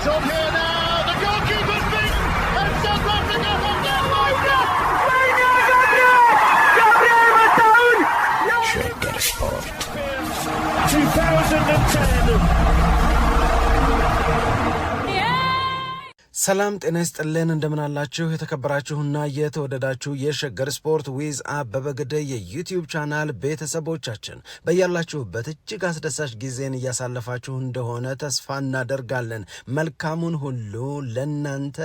It's on here now. ሰላም ጤና ይስጥልን እንደምናላችሁ የተከበራችሁና የተወደዳችሁ የሸገር ስፖርት ዊዝ አበበ ግደይ የዩቲዩብ ቻናል ቤተሰቦቻችን በያላችሁበት እጅግ አስደሳች ጊዜን እያሳለፋችሁ እንደሆነ ተስፋ እናደርጋለን። መልካሙን ሁሉ ለናንተ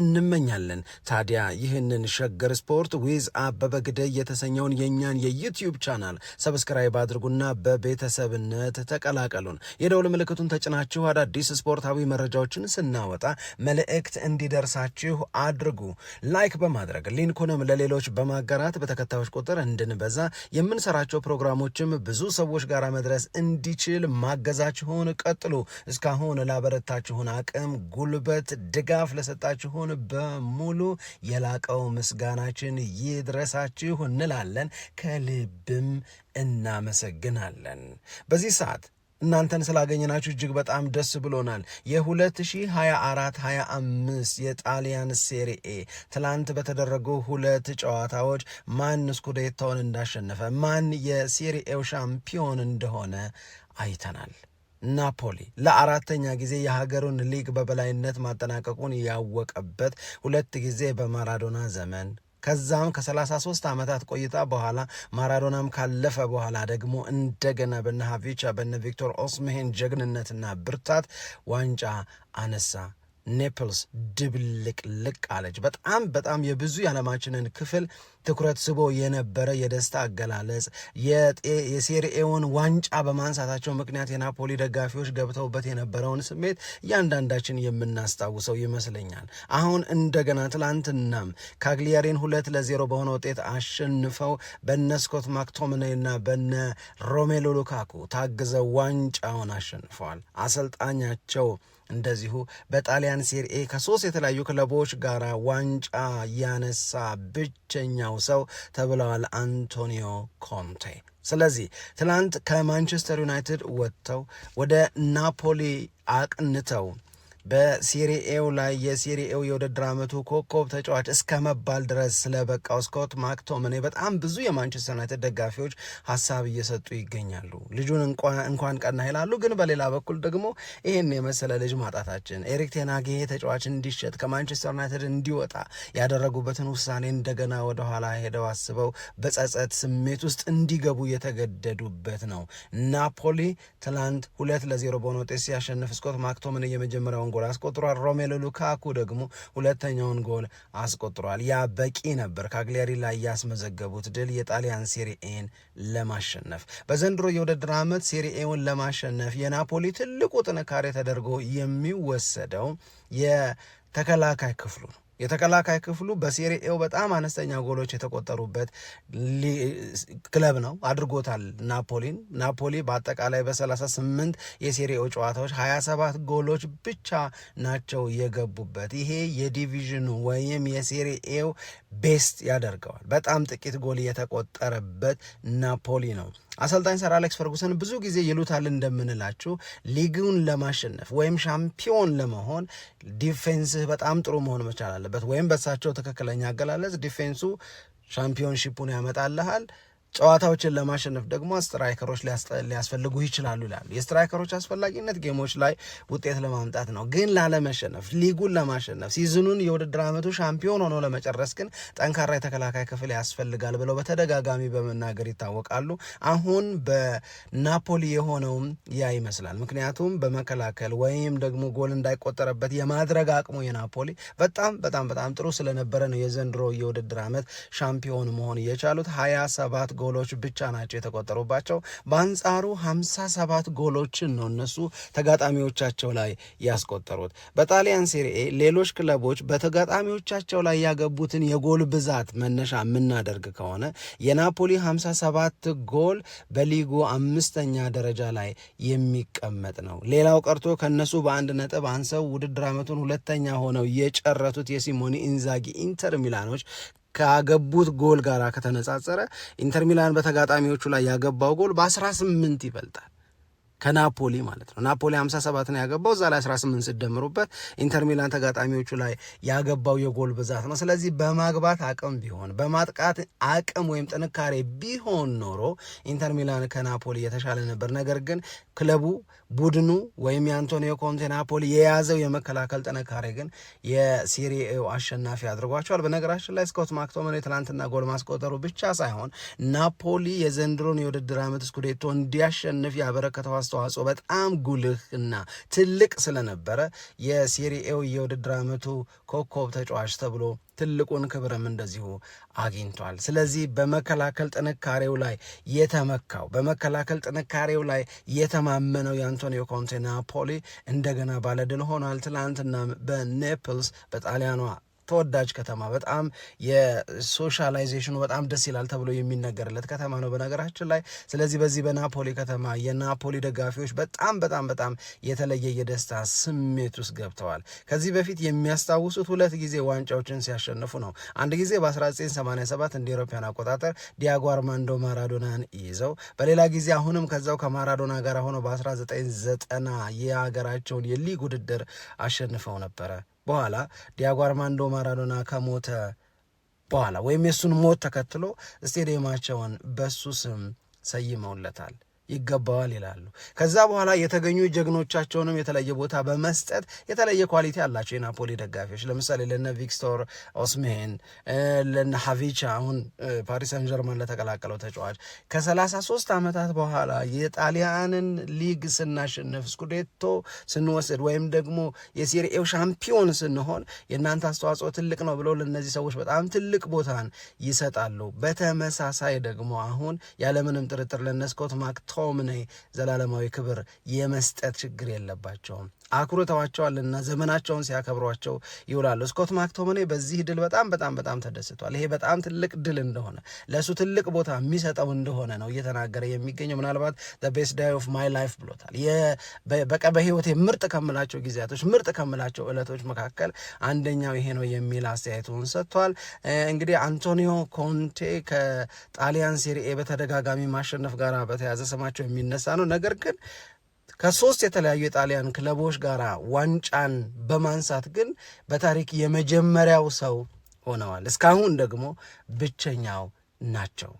እንመኛለን። ታዲያ ይህንን ሸገር ስፖርት ዊዝ አበበ ግደይ የተሰኘውን የእኛን የዩቲዩብ ቻናል ሰብስክራይብ አድርጉና በቤተሰብነት ተቀላቀሉን። የደውል ምልክቱን ተጭናችሁ አዳዲስ ስፖርታዊ መረጃዎችን ስናወጣ መልእክ መልእክት እንዲደርሳችሁ አድርጉ። ላይክ በማድረግ ሊንኩንም ለሌሎች በማጋራት በተከታዮች ቁጥር እንድንበዛ የምንሰራቸው ፕሮግራሞችም ብዙ ሰዎች ጋር መድረስ እንዲችል ማገዛችሁን ቀጥሉ። እስካሁን ላበረታችሁን አቅም፣ ጉልበት፣ ድጋፍ ለሰጣችሁን በሙሉ የላቀው ምስጋናችን ይድረሳችሁ እንላለን። ከልብም እናመሰግናለን። በዚህ ሰዓት እናንተን ስላገኘናችሁ እጅግ በጣም ደስ ብሎናል። የ2024 25 የጣሊያን ሴሪኤ ትላንት በተደረጉ ሁለት ጨዋታዎች ማን ስኩዴታውን እንዳሸነፈ ማን የሴሪኤው ሻምፒዮን እንደሆነ አይተናል። ናፖሊ ለአራተኛ ጊዜ የሀገሩን ሊግ በበላይነት ማጠናቀቁን ያወቀበት ሁለት ጊዜ በማራዶና ዘመን ከዛም ከ33 ዓመታት ቆይታ በኋላ ማራዶናም ካለፈ በኋላ ደግሞ እንደገና በነ ሀቪቻ በነ ቪክቶር ኦስምሄን ጀግንነትና ብርታት ዋንጫ አነሳ። ኔፕልስ ድብልቅልቅ አለች። በጣም በጣም የብዙ የዓለማችንን ክፍል ትኩረት ስቦ የነበረ የደስታ አገላለጽ የሴሪኤውን ዋንጫ በማንሳታቸው ምክንያት የናፖሊ ደጋፊዎች ገብተውበት የነበረውን ስሜት እያንዳንዳችን የምናስታውሰው ይመስለኛል። አሁን እንደገና ትላንትናም ካግሊያሪን ሁለት ለዜሮ በሆነ ውጤት አሸንፈው በነ ስኮት ና በነ ሮሜሎ ሉካኩ ታግዘው ዋንጫውን አሸንፈዋል። አሰልጣኛቸው እንደዚሁ በጣሊያን ሴሪኤ ከሶስት የተለያዩ ክለቦች ጋር ዋንጫ ያነሳ ብቸኛው ሰው ተብለዋል አንቶኒዮ ኮንቴ። ስለዚህ ትናንት ከማንቸስተር ዩናይትድ ወጥተው ወደ ናፖሊ አቅንተው በሴሪኤው ላይ የሴሪኤው የውድድር ዓመቱ ኮከብ ተጫዋች እስከ መባል ድረስ ስለበቃው ስኮት ማክቶምኔ በጣም ብዙ የማንቸስተር ዩናይትድ ደጋፊዎች ሀሳብ እየሰጡ ይገኛሉ። ልጁን እንኳን ቀና ይላሉ። ግን በሌላ በኩል ደግሞ ይህን የመሰለ ልጅ ማጣታችን ኤሪክ ቴናግ ይሄ ተጫዋች እንዲሸጥ ከማንቸስተር ዩናይትድ እንዲወጣ ያደረጉበትን ውሳኔ እንደገና ወደኋላ ሄደው አስበው በጸጸት ስሜት ውስጥ እንዲገቡ የተገደዱበት ነው። ናፖሊ ትላንት ሁለት ለዜሮ በሆነ ውጤት ሲያሸንፍ ስኮት ማክቶምኔ የመጀመሪያውን ጎል አስቆጥሯል። ሮሜሎ ሉካኩ ደግሞ ሁለተኛውን ጎል አስቆጥሯል። ያ በቂ ነበር ካግሊያሪ ላይ ያስመዘገቡት ድል የጣሊያን ሴሪኤን ለማሸነፍ በዘንድሮ የውድድር ዓመት ሴሪኤውን ለማሸነፍ የናፖሊ ትልቁ ጥንካሬ ተደርጎ የሚወሰደው የተከላካይ ክፍሉ ነው። የተከላካይ ክፍሉ በሴሪኤው በጣም አነስተኛ ጎሎች የተቆጠሩበት ክለብ ነው አድርጎታል ናፖሊን። ናፖሊ በአጠቃላይ በ38 የሴሪኤው ጨዋታዎች 27 ጎሎች ብቻ ናቸው የገቡበት። ይሄ የዲቪዥኑ ወይም የሴሪኤው ቤስት ያደርገዋል። በጣም ጥቂት ጎል የተቆጠረበት ናፖሊ ነው። አሰልጣኝ ሰር አሌክስ ፈርጉሰን ብዙ ጊዜ ይሉታል እንደምንላችሁ ሊጉን ለማሸነፍ ወይም ሻምፒዮን ለመሆን ዲፌንስህ በጣም ጥሩ መሆን መቻል አለበት። ወይም በሳቸው ትክክለኛ አገላለጽ ዲፌንሱ ሻምፒዮንሺፑን ያመጣልሃል ጨዋታዎችን ለማሸነፍ ደግሞ ስትራይከሮች ሊያስፈልጉ ይችላሉ ይላሉ። የስትራይከሮች አስፈላጊነት ጌሞች ላይ ውጤት ለማምጣት ነው፣ ግን ላለመሸነፍ፣ ሊጉን ለማሸነፍ፣ ሲዝኑን የውድድር ዓመቱ ሻምፒዮን ሆኖ ለመጨረስ ግን ጠንካራ የተከላካይ ክፍል ያስፈልጋል ብለው በተደጋጋሚ በመናገር ይታወቃሉ። አሁን በናፖሊ የሆነውም ያ ይመስላል። ምክንያቱም በመከላከል ወይም ደግሞ ጎል እንዳይቆጠረበት የማድረግ አቅሙ የናፖሊ በጣም በጣም በጣም ጥሩ ስለነበረ ነው የዘንድሮ የውድድር ዓመት ሻምፒዮን መሆን እየቻሉት ሀያ ሰባት ጎሎች ብቻ ናቸው የተቆጠሩባቸው። በአንጻሩ 57 ጎሎችን ነው እነሱ ተጋጣሚዎቻቸው ላይ ያስቆጠሩት። በጣሊያን ሴሪኤ ሌሎች ክለቦች በተጋጣሚዎቻቸው ላይ ያገቡትን የጎል ብዛት መነሻ የምናደርግ ከሆነ የናፖሊ 57 ጎል በሊጉ አምስተኛ ደረጃ ላይ የሚቀመጥ ነው። ሌላው ቀርቶ ከነሱ በአንድ ነጥብ አንሰው ውድድር ዓመቱን ሁለተኛ ሆነው የጨረቱት የሲሞኒ ኢንዛጊ ኢንተር ሚላኖች ካገቡት ጎል ጋር ከተነጻጸረ ኢንተር ሚላን በተጋጣሚዎቹ ላይ ያገባው ጎል በ18 ይበልጣል። ከናፖሊ ማለት ነው። ናፖሊ 57 ነው ያገባው፣ እዛ ላይ 18 ስደምሩበት ኢንተር ሚላን ተጋጣሚዎቹ ላይ ያገባው የጎል ብዛት ነው። ስለዚህ በማግባት አቅም ቢሆን በማጥቃት አቅም ወይም ጥንካሬ ቢሆን ኖሮ ኢንተር ሚላን ከናፖሊ የተሻለ ነበር። ነገር ግን ክለቡ ቡድኑ ወይም የአንቶኒዮ ኮንቴ ናፖሊ የያዘው የመከላከል ጥንካሬ ግን የሴሪኤው አሸናፊ አድርጓቸዋል። በነገራችን ላይ ስኮት ማክቶመን የትላንትና ጎል ማስቆጠሩ ብቻ ሳይሆን ናፖሊ የዘንድሮን የውድድር ዓመት ስኩዴቶ እንዲያሸንፍ ያበረከተው አስተዋጽኦ በጣም ጉልህ እና ትልቅ ስለነበረ የሴሪኤው የውድድር ዓመቱ ኮከብ ተጫዋች ተብሎ ትልቁን ክብርም እንደዚሁ አግኝቷል። ስለዚህ በመከላከል ጥንካሬው ላይ የተመካው በመከላከል ጥንካሬው ላይ የተማመነው የአንቶኒዮ ኮንቴ ናፖሊ እንደገና ባለድል ሆኗል። ትላንትና በኔፕልስ በጣሊያኗ ተወዳጅ ከተማ በጣም የሶሻላይዜሽኑ በጣም ደስ ይላል ተብሎ የሚነገርለት ከተማ ነው በነገራችን ላይ። ስለዚህ በዚህ በናፖሊ ከተማ የናፖሊ ደጋፊዎች በጣም በጣም በጣም የተለየ የደስታ ስሜት ውስጥ ገብተዋል። ከዚህ በፊት የሚያስታውሱት ሁለት ጊዜ ዋንጫዎችን ሲያሸንፉ ነው። አንድ ጊዜ በ1987 እንደ አውሮፓውያን አቆጣጠር ዲያጎ አርማንዶ ማራዶናን ይዘው፣ በሌላ ጊዜ አሁንም ከዛው ከማራዶና ጋር ሆኖ በ1990 የሀገራቸውን የሊግ ውድድር አሸንፈው ነበረ። በኋላ ዲያጎ አርማንዶ ማራዶና ከሞተ በኋላ ወይም የእሱን ሞት ተከትሎ ስቴዲየማቸውን በሱ ስም ሰይመውለታል። ይገባዋል ይላሉ። ከዛ በኋላ የተገኙ ጀግኖቻቸውንም የተለየ ቦታ በመስጠት የተለየ ኳሊቲ አላቸው የናፖሊ ደጋፊዎች። ለምሳሌ ለነ ቪክቶር ኦስሜን፣ ለነ ሀቪቻ አሁን ፓሪስ ሳን ጀርማን ለተቀላቀለው ተጫዋች ከ33 ዓመታት በኋላ የጣሊያንን ሊግ ስናሸንፍ ስኩዴቶ ስንወስድ ወይም ደግሞ የሴሪኤው ሻምፒዮን ስንሆን የእናንተ አስተዋጽኦ ትልቅ ነው ብለው ለእነዚህ ሰዎች በጣም ትልቅ ቦታን ይሰጣሉ። በተመሳሳይ ደግሞ አሁን ያለምንም ጥርጥር ለነ ስኮት ስትሮም ዘላለማዊ ክብር የመስጠት ችግር የለባቸውም። አኩርተዋቸዋልና ዘመናቸውን ሲያከብሯቸው ይውላሉ። ስኮት ማክቶምኔ በዚህ ድል በጣም በጣም በጣም ተደስቷል። ይሄ በጣም ትልቅ ድል እንደሆነ ለእሱ ትልቅ ቦታ የሚሰጠው እንደሆነ ነው እየተናገረ የሚገኘው። ምናልባት ቤስት ዳይ ኦፍ ማይ ላይፍ ብሎታል። በቃ በህይወቴ ምርጥ ከምላቸው ጊዜያቶች፣ ምርጥ ከምላቸው እለቶች መካከል አንደኛው ይሄ ነው የሚል አስተያየቱን ሰጥቷል። እንግዲህ አንቶኒዮ ኮንቴ ከጣሊያን ሴሪኤ በተደጋጋሚ ማሸነፍ ጋር በተያዘ ስማቸው የሚነሳ ነው ነገር ግን ከሶስት የተለያዩ የጣሊያን ክለቦች ጋር ዋንጫን በማንሳት ግን በታሪክ የመጀመሪያው ሰው ሆነዋል። እስካሁን ደግሞ ብቸኛው ናቸው።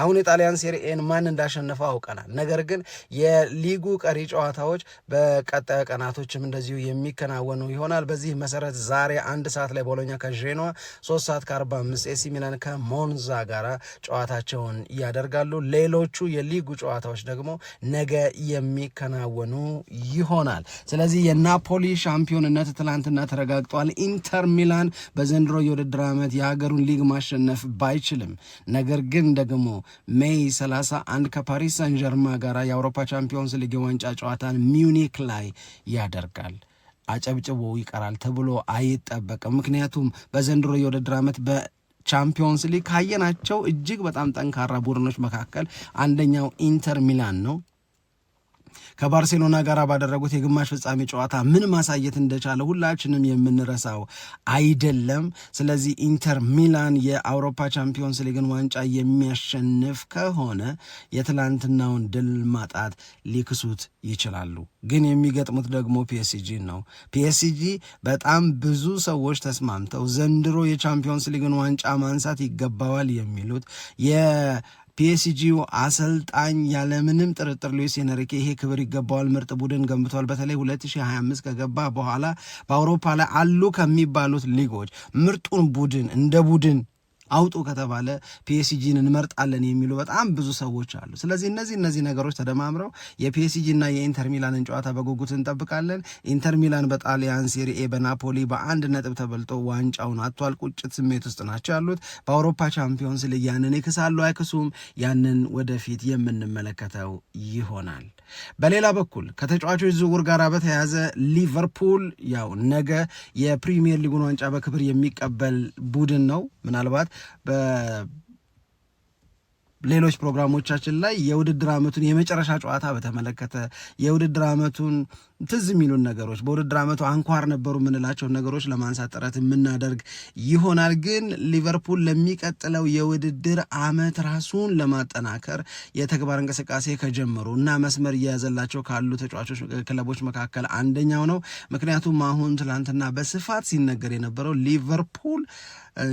አሁን የጣሊያን ሴሪኤን ማን እንዳሸነፈው አውቀናል። ነገር ግን የሊጉ ቀሪ ጨዋታዎች በቀጣዩ ቀናቶችም እንደዚሁ የሚከናወኑ ይሆናል። በዚህ መሰረት ዛሬ አንድ ሰዓት ላይ ቦሎኛ ከዤኗ፣ ሶስት ሰዓት ከ45 ኤሲ ሚላን ከሞንዛ ጋራ ጨዋታቸውን ያደርጋሉ። ሌሎቹ የሊጉ ጨዋታዎች ደግሞ ነገ የሚከናወኑ ይሆናል። ስለዚህ የናፖሊ ሻምፒዮንነት ትላንትና ተረጋግጧል። ኢንተር ሚላን በዘንድሮ የውድድር ዓመት የሀገሩን ሊግ ማሸነፍ ባይችልም ነገር ግን ደግሞ ሜይ 31 ከፓሪስ ጀርማ ጋር የአውሮፓ ቻምፒዮንስ ሊግ የዋንጫ ጨዋታን ሚዩኒክ ላይ ያደርጋል። አጨብጭቦ ይቀራል ተብሎ አይጠበቅም። ምክንያቱም በዘንድሮ የውድድር ዓመት በቻምፒዮንስ ሊግ ካየናቸው እጅግ በጣም ጠንካራ ቡድኖች መካከል አንደኛው ኢንተር ሚላን ነው። ከባርሴሎና ጋር ባደረጉት የግማሽ ፍጻሜ ጨዋታ ምን ማሳየት እንደቻለ ሁላችንም የምንረሳው አይደለም። ስለዚህ ኢንተር ሚላን የአውሮፓ ቻምፒዮንስ ሊግን ዋንጫ የሚያሸንፍ ከሆነ የትላንትናውን ድል ማጣት ሊክሱት ይችላሉ። ግን የሚገጥሙት ደግሞ ፒኤስጂ ነው። ፒኤስጂ በጣም ብዙ ሰዎች ተስማምተው ዘንድሮ የቻምፒዮንስ ሊግን ዋንጫ ማንሳት ይገባዋል የሚሉት ፒኤስጂው አሰልጣኝ ያለምንም ጥርጥር ሉዊስ ኤንሪኬ ይሄ ክብር ይገባዋል፣ ምርጥ ቡድን ገንብቷል። በተለይ 2025 ከገባ በኋላ በአውሮፓ ላይ አሉ ከሚባሉት ሊጎች ምርጡን ቡድን እንደ ቡድን አውጡ ከተባለ ፒኤስጂን እንመርጣለን የሚሉ በጣም ብዙ ሰዎች አሉ። ስለዚህ እነዚህ እነዚህ ነገሮች ተደማምረው የፒኤስጂ እና የኢንተር ሚላንን ጨዋታ በጉጉት እንጠብቃለን። ኢንተር ሚላን በጣሊያን ሴሪኤ በናፖሊ በአንድ ነጥብ ተበልጦ ዋንጫውን አጥቷል። ቁጭት ስሜት ውስጥ ናቸው ያሉት። በአውሮፓ ቻምፒዮንስ ሊግ ያንን ይክሳሉ አይክሱም፣ ያንን ወደፊት የምንመለከተው ይሆናል። በሌላ በኩል ከተጫዋቾች ዝውውር ጋር በተያያዘ ሊቨርፑል ያው ነገ የፕሪሚየር ሊጉን ዋንጫ በክብር የሚቀበል ቡድን ነው። ምናልባት ሌሎች ፕሮግራሞቻችን ላይ የውድድር ዓመቱን የመጨረሻ ጨዋታ በተመለከተ የውድድር ዓመቱን ትዝ የሚሉን ነገሮች በውድድር ዓመቱ አንኳር ነበሩ የምንላቸውን ነገሮች ለማንሳት ጥረት የምናደርግ ይሆናል። ግን ሊቨርፑል ለሚቀጥለው የውድድር ዓመት ራሱን ለማጠናከር የተግባር እንቅስቃሴ ከጀመሩ እና መስመር እየያዘላቸው ካሉ ተጫዋቾች ክለቦች መካከል አንደኛው ነው። ምክንያቱም አሁን ትላንትና በስፋት ሲነገር የነበረው ሊቨርፑል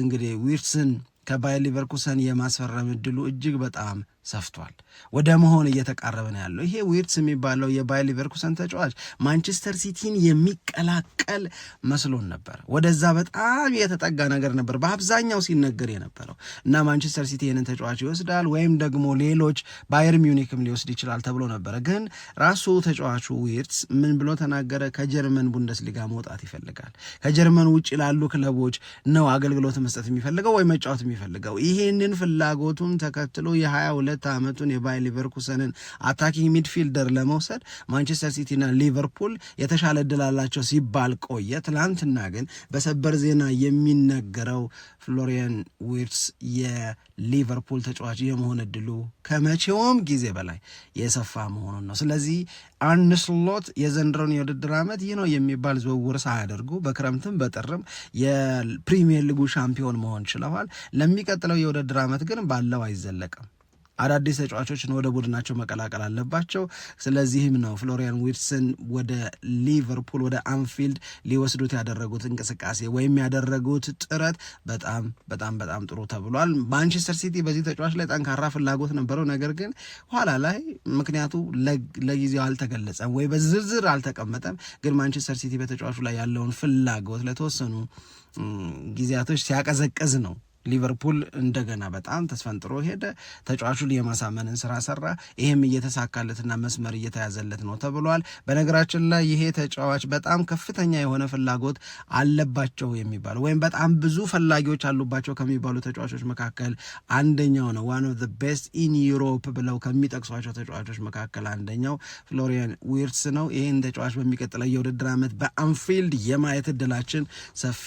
እንግዲህ ዊርትስን ከባየር ሊቨርኩሰን የማስፈረም እድሉ እጅግ በጣም ሰፍቷል ወደ መሆን እየተቃረበ ነው ያለው። ይሄ ዊርትስ የሚባለው የባየር ሊቨርኩሰን ተጫዋች ማንቸስተር ሲቲን የሚቀላቀል መስሎን ነበር። ወደዛ በጣም የተጠጋ ነገር ነበር በአብዛኛው ሲነገር የነበረው እና ማንቸስተር ሲቲ ይህንን ተጫዋች ይወስዳል ወይም ደግሞ ሌሎች ባየር ሚዩኒክም ሊወስድ ይችላል ተብሎ ነበረ። ግን ራሱ ተጫዋቹ ዊርትስ ምን ብሎ ተናገረ? ከጀርመን ቡንደስሊጋ መውጣት ይፈልጋል። ከጀርመን ውጭ ላሉ ክለቦች ነው አገልግሎት መስጠት የሚፈልገው ወይ መጫወት የሚፈልገው። ይህንን ፍላጎቱን ተከትሎ የ22 የ22 ዓመቱን የባይ ሊቨርኩሰንን አታኪንግ ሚድፊልደር ለመውሰድ ማንቸስተር ሲቲና ሊቨርፑል የተሻለ እድል አላቸው ሲባል ቆየ። ትናንትና ግን በሰበር ዜና የሚነገረው ፍሎሪያን ዊርትስ የሊቨርፑል ተጫዋች የመሆን እድሉ ከመቼውም ጊዜ በላይ የሰፋ መሆኑን ነው። ስለዚህ አርነ ስሎት የዘንድሮን የውድድር ዓመት ይህ ነው የሚባል ዝውውር ሳያደርጉ በክረምትም በጥርም የፕሪሚየር ሊጉ ሻምፒዮን መሆን ችለዋል። ለሚቀጥለው የውድድር ዓመት ግን ባለው አይዘለቅም። አዳዲስ ተጫዋቾችን ወደ ቡድናቸው መቀላቀል አለባቸው። ስለዚህም ነው ፍሎሪያን ዊርትስን ወደ ሊቨርፑል ወደ አንፊልድ ሊወስዱት ያደረጉት እንቅስቃሴ ወይም ያደረጉት ጥረት በጣም በጣም በጣም ጥሩ ተብሏል። ማንቸስተር ሲቲ በዚህ ተጫዋች ላይ ጠንካራ ፍላጎት ነበረው፣ ነገር ግን ኋላ ላይ ምክንያቱ ለጊዜው አልተገለጸም ወይ በዝርዝር አልተቀመጠም። ግን ማንቸስተር ሲቲ በተጫዋቹ ላይ ያለውን ፍላጎት ለተወሰኑ ጊዜያቶች ሲያቀዘቅዝ ነው ሊቨርፑል እንደገና በጣም ተስፈንጥሮ ሄደ። ተጫዋቹን የማሳመንን ስራ ሰራ። ይህም እየተሳካለትና መስመር እየተያዘለት ነው ተብሏል። በነገራችን ላይ ይሄ ተጫዋች በጣም ከፍተኛ የሆነ ፍላጎት አለባቸው የሚባሉ ወይም በጣም ብዙ ፈላጊዎች አሉባቸው ከሚባሉ ተጫዋቾች መካከል አንደኛው ነው። ዋን ኦፍ ዘ ቤስት ኢን ዩሮፕ ብለው ከሚጠቅሷቸው ተጫዋቾች መካከል አንደኛው ፍሎሪያን ዊርትስ ነው። ይህን ተጫዋች በሚቀጥለው የውድድር ዓመት በአንፊልድ የማየት እድላችን ሰፊ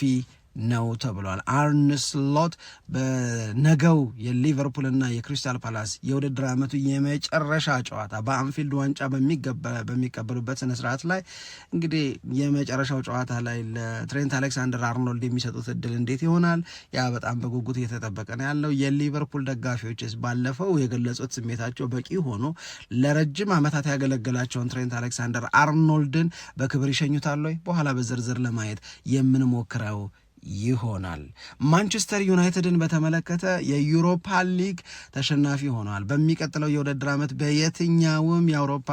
ነው ተብሏል። አርነ ስሎት በነገው የሊቨርፑልና የክሪስታል ፓላስ የውድድር ዓመቱ የመጨረሻ ጨዋታ በአንፊልድ ዋንጫ በሚቀበሉበት ስነ ስርዓት ላይ እንግዲህ የመጨረሻው ጨዋታ ላይ ለትሬንት አሌክሳንደር አርኖልድ የሚሰጡት እድል እንዴት ይሆናል? ያ በጣም በጉጉት እየተጠበቀ ነው ያለው። የሊቨርፑል ደጋፊዎችስ ባለፈው የገለጹት ስሜታቸው በቂ ሆኖ ለረጅም ዓመታት ያገለገላቸውን ትሬንት አሌክሳንደር አርኖልድን በክብር ይሸኙታል ወይ? በኋላ በዝርዝር ለማየት የምንሞክረው ይሆናል። ማንቸስተር ዩናይትድን በተመለከተ የዩሮፓ ሊግ ተሸናፊ ሆኗል። በሚቀጥለው የውድድር ዓመት በየትኛውም የአውሮፓ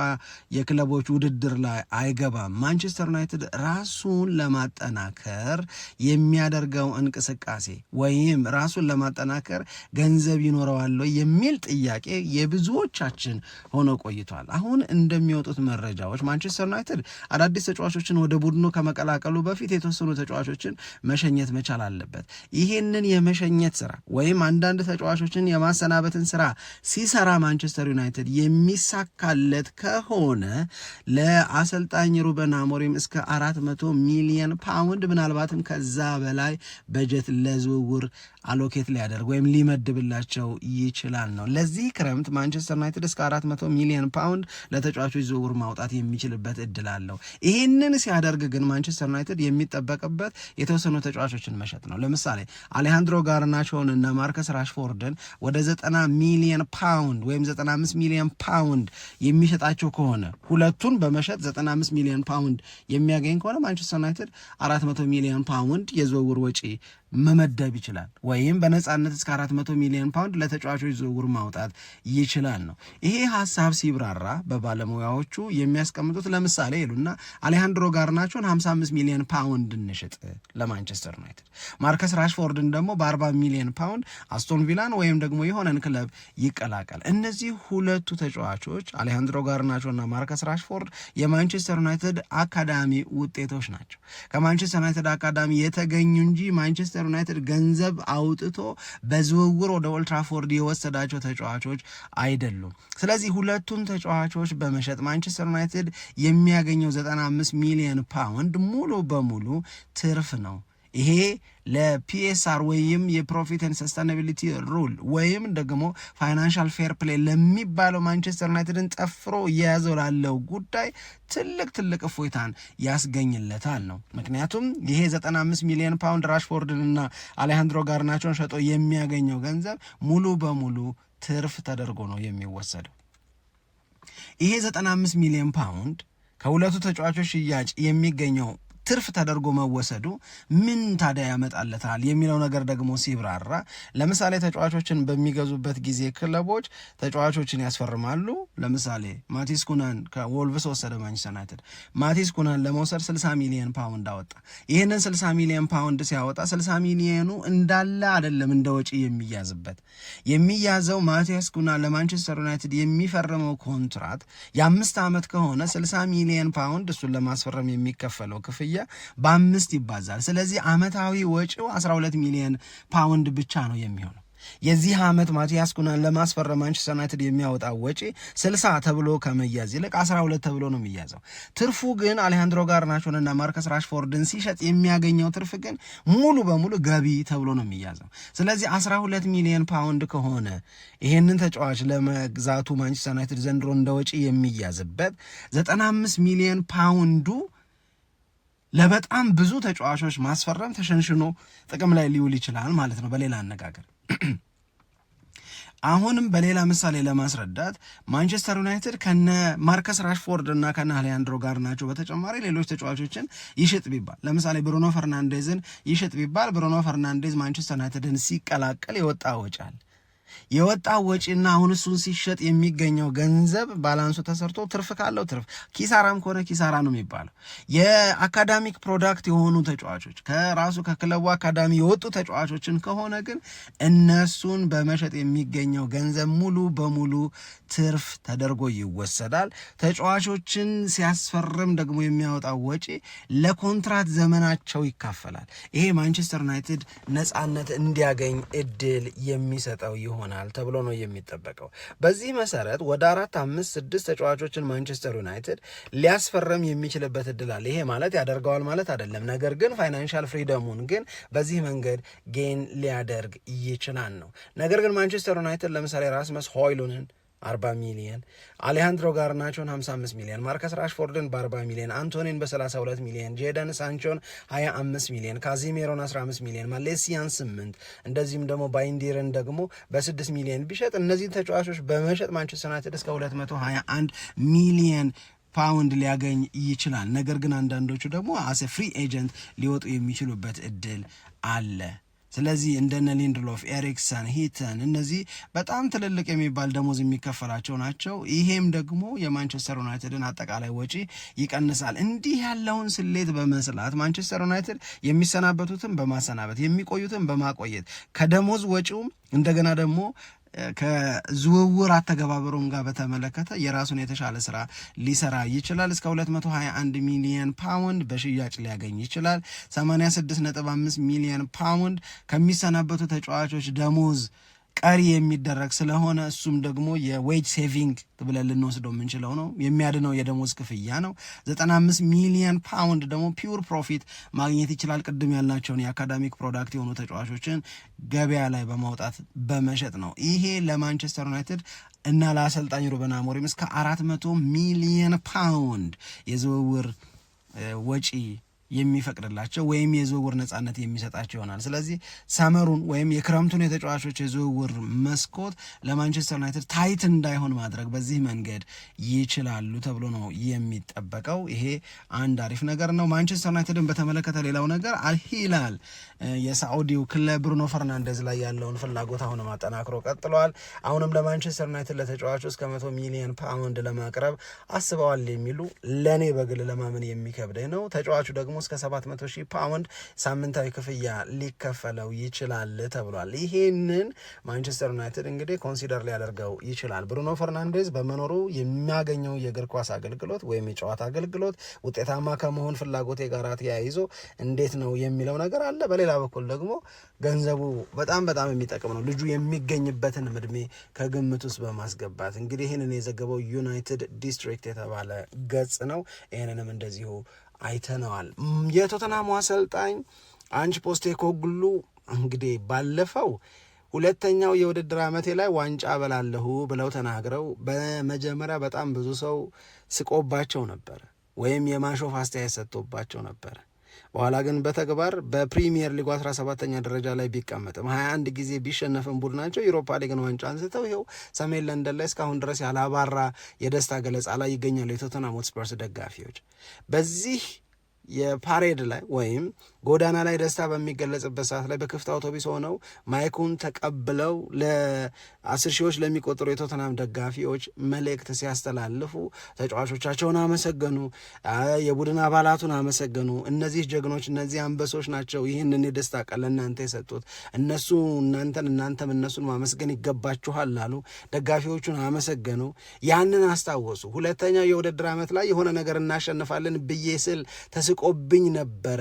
የክለቦች ውድድር ላይ አይገባም። ማንቸስተር ዩናይትድ ራሱን ለማጠናከር የሚያደርገው እንቅስቃሴ ወይም ራሱን ለማጠናከር ገንዘብ ይኖረዋል የሚል ጥያቄ የብዙዎቻችን ሆኖ ቆይቷል። አሁን እንደሚወጡት መረጃዎች ማንቸስተር ዩናይትድ አዳዲስ ተጫዋቾችን ወደ ቡድኑ ከመቀላቀሉ በፊት የተወሰኑ ተጫዋቾችን መሸኘ መሸኘት መቻል አለበት። ይሄንን የመሸኘት ስራ ወይም አንዳንድ ተጫዋቾችን የማሰናበትን ስራ ሲሰራ ማንቸስተር ዩናይትድ የሚሳካለት ከሆነ ለአሰልጣኝ ሩበን አሞሪም እስከ አራት መቶ ሚሊየን ፓውንድ ምናልባትም ከዛ በላይ በጀት ለዝውውር አሎኬት ሊያደርግ ወይም ሊመድብላቸው ይችላል ነው። ለዚህ ክረምት ማንቸስተር ዩናይትድ እስከ 400 ሚሊዮን ፓውንድ ለተጫዋቾች ዝውውር ማውጣት የሚችልበት እድል አለው። ይህንን ሲያደርግ ግን ማንቸስተር ዩናይትድ የሚጠበቅበት የተወሰኑ ተጫዋ ተጫዋቾችን መሸጥ ነው። ለምሳሌ አሌሃንድሮ ጋርናቾን እና ማርከስ ራሽፎርድን ወደ ዘጠና ሚሊየን ፓውንድ ወይም ዘጠና አምስት ሚሊየን ፓውንድ የሚሸጣቸው ከሆነ ሁለቱን በመሸጥ ዘጠና አምስት ሚሊየን ፓውንድ የሚያገኝ ከሆነ ማንቸስተር ዩናይትድ አራት መቶ ሚሊየን ፓውንድ የዝውውር ወጪ መመደብ ይችላል ወይም በነፃነት እስከ 400 ሚሊዮን ፓውንድ ለተጫዋቾች ዝውውር ማውጣት ይችላል ነው። ይሄ ሀሳብ ሲብራራ በባለሙያዎቹ የሚያስቀምጡት ለምሳሌ ይሉና አሌሃንድሮ ጋርናቾን 55 ሚሊዮን ፓውንድ እንሽጥ ለማንቸስተር ዩናይትድ፣ ማርከስ ራሽፎርድን ደግሞ በ40 ሚሊዮን ፓውንድ አስቶን ቪላን ወይም ደግሞ የሆነን ክለብ ይቀላቀል። እነዚህ ሁለቱ ተጫዋቾች አሌሃንድሮ ጋርናቾና ማርከስ ራሽፎርድ የማንቸስተር ዩናይትድ አካዳሚ ውጤቶች ናቸው። ከማንቸስተር ዩናይትድ አካዳሚ የተገኙ እንጂ ማንቸስተር ዩናይትድ ገንዘብ አውጥቶ በዝውውር ወደ ኦልትራፎርድ የወሰዳቸው ተጫዋቾች አይደሉም። ስለዚህ ሁለቱም ተጫዋቾች በመሸጥ ማንቸስተር ዩናይትድ የሚያገኘው 95 ሚሊዮን ፓውንድ ሙሉ በሙሉ ትርፍ ነው። ይሄ ለፒኤስአር ወይም የፕሮፊት ን ሰስቴናቢሊቲ ሩል ወይም ደግሞ ፋይናንሻል ፌር ፕሌይ ለሚባለው ማንቸስተር ዩናይትድን ጠፍሮ እየያዘው ላለው ጉዳይ ትልቅ ትልቅ እፎይታን ያስገኝለታል ነው። ምክንያቱም ይሄ 95 ሚሊዮን ፓውንድ ራሽፎርድን እና አሌሃንድሮ ጋርናቾን ሸጦ የሚያገኘው ገንዘብ ሙሉ በሙሉ ትርፍ ተደርጎ ነው የሚወሰደው። ይሄ 95 ሚሊዮን ፓውንድ ከሁለቱ ተጫዋቾች ሽያጭ የሚገኘው ትርፍ ተደርጎ መወሰዱ ምን ታዲያ ያመጣለታል የሚለው ነገር ደግሞ ሲብራራ፣ ለምሳሌ ተጫዋቾችን በሚገዙበት ጊዜ ክለቦች ተጫዋቾችን ያስፈርማሉ። ለምሳሌ ማቲስ ኩናን ከወልቭስ ወሰደ ማንቸስተር ዩናይትድ። ማቲስ ኩናን ለመውሰድ 60 ሚሊዮን ፓውንድ አወጣ። ይህንን 60 ሚሊዮን ፓውንድ ሲያወጣ 60 ሚሊዮኑ እንዳለ አይደለም እንደ ወጪ የሚያዝበት የሚያዘው ማቲያስ ኩናን ለማንቸስተር ዩናይትድ የሚፈርመው ኮንትራት የአምስት ዓመት ከሆነ 60 ሚሊዮን ፓውንድ እሱን ለማስፈረም የሚከፈለው ክፍያ ክፍያ በአምስት ይባዛል። ስለዚህ አመታዊ ወጪው 12 ሚሊዮን ፓውንድ ብቻ ነው የሚሆነው። የዚህ ዓመት ማቲያስ ኩናን ለማስፈረም ማንቸስተር ዩናይትድ የሚያወጣው ወጪ 60 ተብሎ ከመያዝ ይልቅ 12 ተብሎ ነው የሚያዘው። ትርፉ ግን አሌሃንድሮ ጋርናቾንና ማርከስ ራሽፎርድን ሲሸጥ የሚያገኘው ትርፍ ግን ሙሉ በሙሉ ገቢ ተብሎ ነው የሚያዘው። ስለዚህ 12 ሚሊዮን ፓውንድ ከሆነ ይሄንን ተጫዋች ለመግዛቱ ማንቸስተር ዩናይትድ ዘንድሮ እንደ ወጪ የሚያዝበት 95 ሚሊዮን ፓውንዱ ለበጣም ብዙ ተጫዋቾች ማስፈረም ተሸንሽኖ ጥቅም ላይ ሊውል ይችላል ማለት ነው። በሌላ አነጋገር አሁንም በሌላ ምሳሌ ለማስረዳት ማንቸስተር ዩናይትድ ከነ ማርከስ ራሽፎርድ እና ከነ አሊያንድሮ ጋር ናቸው። በተጨማሪ ሌሎች ተጫዋቾችን ይሽጥ ቢባል ለምሳሌ ብሩኖ ፈርናንዴዝን ይሽጥ ቢባል ብሩኖ ፈርናንዴዝ ማንቸስተር ዩናይትድን ሲቀላቀል የወጣ ወጪ አለ። የወጣው ወጪና አሁን እሱን ሲሸጥ የሚገኘው ገንዘብ ባላንሱ ተሰርቶ ትርፍ ካለው ትርፍ፣ ኪሳራም ከሆነ ኪሳራ ነው የሚባለው። የአካዳሚክ ፕሮዳክት የሆኑ ተጫዋቾች ከራሱ ከክለቡ አካዳሚ የወጡ ተጫዋቾችን ከሆነ ግን እነሱን በመሸጥ የሚገኘው ገንዘብ ሙሉ በሙሉ ትርፍ ተደርጎ ይወሰዳል። ተጫዋቾችን ሲያስፈርም ደግሞ የሚያወጣው ወጪ ለኮንትራት ዘመናቸው ይካፈላል። ይሄ ማንቸስተር ዩናይትድ ነፃነት እንዲያገኝ እድል የሚሰጠው ይሆናል ተብሎ ነው የሚጠበቀው። በዚህ መሰረት ወደ አራት አምስት ስድስት ተጫዋቾችን ማንቸስተር ዩናይትድ ሊያስፈርም የሚችልበት እድል አለ። ይሄ ማለት ያደርገዋል ማለት አይደለም፣ ነገር ግን ፋይናንሻል ፍሪደሙን ግን በዚህ መንገድ ጌን ሊያደርግ ይችላል ነው። ነገር ግን ማንቸስተር ዩናይትድ ለምሳሌ ራስመስ ሆይሉንን 40 ሚሊየን፣ አሌሃንድሮ ጋርናቾን 55 ሚሊየን፣ ማርከስ ራሽፎርድን በ40 ሚሊየን፣ አንቶኒን በ32 ሚሊየን፣ ጄደን ሳንቾን 25 ሚሊየን፣ ካዚሜሮን 15 ሚሊየን፣ ማሌሲያን 8 እንደዚህም ደግሞ ባይንዲርን ደግሞ በ6 ሚሊየን ቢሸጥ እነዚህ ተጫዋቾች በመሸጥ ማንቸስተር ዩናይትድ እስከ 221 ሚሊየን ፓውንድ ሊያገኝ ይችላል። ነገር ግን አንዳንዶቹ ደግሞ አሴ ፍሪ ኤጀንት ሊወጡ የሚችሉበት እድል አለ። ስለዚህ እንደነ ሊንድሎፍ፣ ኤሪክሰን፣ ሂተን እነዚህ በጣም ትልልቅ የሚባል ደሞዝ የሚከፈላቸው ናቸው። ይሄም ደግሞ የማንቸስተር ዩናይትድን አጠቃላይ ወጪ ይቀንሳል። እንዲህ ያለውን ስሌት በመስላት ማንቸስተር ዩናይትድ የሚሰናበቱትን በማሰናበት የሚቆዩትን በማቆየት ከደሞዝ ወጪውም እንደገና ደግሞ ከዝውውር አተገባበሩም ጋር በተመለከተ የራሱን የተሻለ ስራ ሊሰራ ይችላል። እስከ 221 ሚሊየን ፓውንድ በሽያጭ ሊያገኝ ይችላል። 86.5 ሚሊየን ፓውንድ ከሚሰናበቱ ተጫዋቾች ደሞዝ ቀሪ የሚደረግ ስለሆነ እሱም ደግሞ የዌጅ ሴቪንግ ብለን ልንወስደው የምንችለው ነው። የሚያድነው የደሞዝ ክፍያ ነው። 95 ሚሊዮን ፓውንድ ደግሞ ፒውር ፕሮፊት ማግኘት ይችላል። ቅድም ያልናቸውን የአካዳሚክ ፕሮዳክት የሆኑ ተጫዋቾችን ገበያ ላይ በማውጣት በመሸጥ ነው። ይሄ ለማንቸስተር ዩናይትድ እና ለአሰልጣኝ ሩበን አሞሪም እስከ 400 ሚሊዮን ፓውንድ የዝውውር ወጪ የሚፈቅድላቸው ወይም የዝውውር ነጻነት የሚሰጣቸው ይሆናል። ስለዚህ ሰመሩን ወይም የክረምቱን የተጫዋቾች የዝውውር መስኮት ለማንቸስተር ዩናይትድ ታይት እንዳይሆን ማድረግ በዚህ መንገድ ይችላሉ ተብሎ ነው የሚጠበቀው። ይሄ አንድ አሪፍ ነገር ነው። ማንቸስተር ዩናይትድን በተመለከተ ሌላው ነገር አልሂላል የሳዑዲው ክለብ ብሩኖ ፈርናንዴዝ ላይ ያለውን ፍላጎት አሁንም አጠናክሮ ቀጥለዋል። አሁንም ለማንቸስተር ዩናይትድ ለተጫዋቹ እስከ መቶ ሚሊዮን ፓውንድ ለማቅረብ አስበዋል የሚሉ ለእኔ በግል ለማመን የሚከብደኝ ነው። ተጫዋቹ ደግሞ እስከ 700 ሺህ ፓውንድ ሳምንታዊ ክፍያ ሊከፈለው ይችላል ተብሏል። ይሄንን ማንቸስተር ዩናይትድ እንግዲህ ኮንሲደር ሊያደርገው ይችላል። ብሩኖ ፈርናንዴዝ በመኖሩ የሚያገኘው የእግር ኳስ አገልግሎት ወይም የጨዋታ አገልግሎት ውጤታማ ከመሆን ፍላጎቴ ጋር ተያይዞ እንዴት ነው የሚለው ነገር አለ። በሌላ በኩል ደግሞ ገንዘቡ በጣም በጣም የሚጠቅም ነው። ልጁ የሚገኝበትን እድሜ ከግምት ውስጥ በማስገባት እንግዲህ ይህንን የዘገበው ዩናይትድ ዲስትሪክት የተባለ ገጽ ነው። ይህንንም እንደዚሁ አይተነዋል። የቶተናሙ አሰልጣኝ አንጅ ፖስቴኮግሉ እንግዲህ ባለፈው ሁለተኛው የውድድር ዓመቴ ላይ ዋንጫ በላለሁ ብለው ተናግረው በመጀመሪያ በጣም ብዙ ሰው ስቆባቸው ነበር፣ ወይም የማሾፍ አስተያየት ሰጥቶባቸው ነበር። በኋላ ግን በተግባር በፕሪሚየር ሊጉ 17 ተኛ ደረጃ ላይ ቢቀመጥም 21 ጊዜ ቢሸነፍም ቡድናቸው ዩሮፓ ሊግን ዋንጫ አንስተው ይኸው ሰሜን ለንደን ላይ እስካሁን ድረስ ያላባራ የደስታ ገለጻ ላይ ይገኛሉ የቶተንሃም ሆትስፐርስ ደጋፊዎች በዚህ የፓሬድ ላይ ወይም ጎዳና ላይ ደስታ በሚገለጽበት ሰዓት ላይ በክፍት አውቶቢስ ሆነው ማይኩን ተቀብለው ለአስር ሺዎች ለሚቆጠሩ የቶተናም ደጋፊዎች መልእክት ሲያስተላልፉ ተጫዋቾቻቸውን አመሰገኑ፣ የቡድን አባላቱን አመሰገኑ። እነዚህ ጀግኖች፣ እነዚህ አንበሶች ናቸው ይህንን የደስታ ቀን ለእናንተ የሰጡት። እነሱ እናንተን፣ እናንተም እነሱን ማመስገን ይገባችኋል አሉ። ደጋፊዎቹን አመሰገኑ፣ ያንን አስታወሱ። ሁለተኛው የውድድር ዓመት ላይ የሆነ ነገር እናሸንፋለን ብዬ ስል ተስቆብኝ ነበረ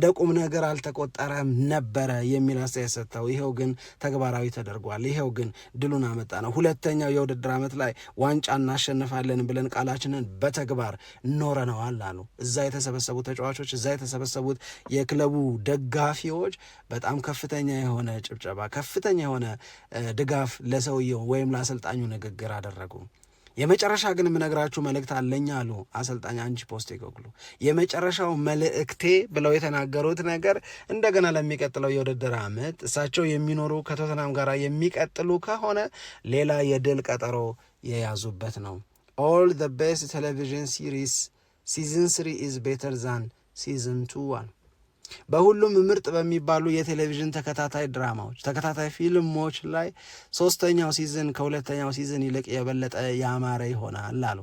እንደ ቁም ነገር አልተቆጠረም ነበረ የሚል አስተያየት ሰጥተው፣ ይኸው ግን ተግባራዊ ተደርጓል፣ ይኸው ግን ድሉን አመጣ ነው። ሁለተኛው የውድድር ዓመት ላይ ዋንጫ እናሸንፋለን ብለን ቃላችንን በተግባር ኖረነዋል አሉ። እዛ የተሰበሰቡ ተጫዋቾች፣ እዛ የተሰበሰቡት የክለቡ ደጋፊዎች በጣም ከፍተኛ የሆነ ጭብጨባ፣ ከፍተኛ የሆነ ድጋፍ ለሰውየው ወይም ለአሰልጣኙ ንግግር አደረጉ። የመጨረሻ ግን የምነግራችሁ መልእክት አለኝ አሉ አሰልጣኝ አንጅ ፖስቴኮግሉ። የመጨረሻው መልእክቴ ብለው የተናገሩት ነገር እንደገና ለሚቀጥለው የውድድር ዓመት እሳቸው የሚኖሩ ከቶተናም ጋር የሚቀጥሉ ከሆነ ሌላ የድል ቀጠሮ የያዙበት ነው። ኦል ዘ ቤስት ቴሌቪዥን ሲሪስ ሲዝን ስሪ ኢዝ ቤተር ዛን ሲዝን ቱ አሉ። በሁሉም ምርጥ በሚባሉ የቴሌቪዥን ተከታታይ ድራማዎች፣ ተከታታይ ፊልሞች ላይ ሶስተኛው ሲዝን ከሁለተኛው ሲዝን ይልቅ የበለጠ ያማረ ይሆናል አሉ።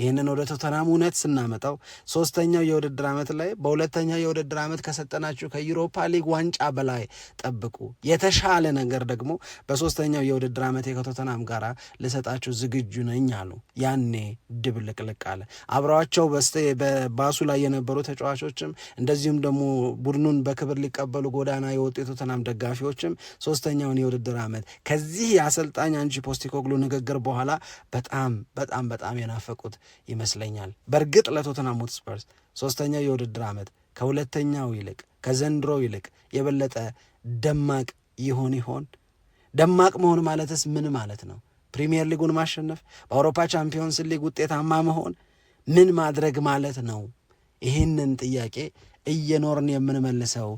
ይህንን ወደ ቶተናም እውነት ስናመጣው ሶስተኛው የውድድር ዓመት ላይ በሁለተኛው የውድድር ዓመት ከሰጠናችሁ ከዩሮፓ ሊግ ዋንጫ በላይ ጠብቁ። የተሻለ ነገር ደግሞ በሶስተኛው የውድድር ዓመት ከቶተናም ጋር ልሰጣችሁ ዝግጁ ነኝ አሉ። ያኔ ድብልቅልቅ አለ። አብረዋቸው በባሱ ላይ የነበሩ ተጫዋቾችም እንደዚሁም ደግሞ ቡድኑን በክብር ሊቀበሉ ጎዳና የወጡ የቶተናም ደጋፊዎችም ሶስተኛውን የውድድር ዓመት ከዚህ የአሰልጣኝ አንጂ ፖስቴኮግሉ ንግግር በኋላ በጣም በጣም በጣም የናፈቁት ይመስለኛል። በእርግጥ ለቶተንሃም ሆትስፐርስ ሶስተኛው የውድድር ዓመት ከሁለተኛው ይልቅ ከዘንድሮው ይልቅ የበለጠ ደማቅ ይሆን ይሆን? ደማቅ መሆን ማለትስ ምን ማለት ነው? ፕሪሚየር ሊጉን ማሸነፍ፣ በአውሮፓ ቻምፒዮንስ ሊግ ውጤታማ መሆን ምን ማድረግ ማለት ነው? ይህንን ጥያቄ እየኖርን የምንመልሰው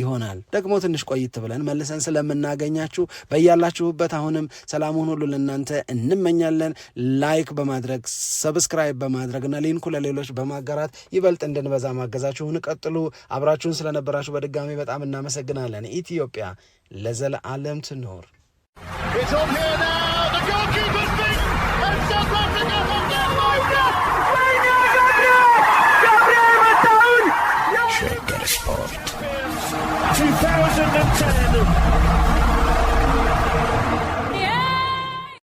ይሆናል። ደግሞ ትንሽ ቆይት ብለን መልሰን ስለምናገኛችሁ በያላችሁበት አሁንም ሰላሙን ሁሉ ለእናንተ እንመኛለን። ላይክ በማድረግ ሰብስክራይብ በማድረግ እና ሊንኩ ለሌሎች በማጋራት ይበልጥ እንድንበዛ ማገዛችሁን ቀጥሉ። አብራችሁን ስለነበራችሁ በድጋሚ በጣም እናመሰግናለን። ኢትዮጵያ ለዘለዓለም ትኖር። 2010.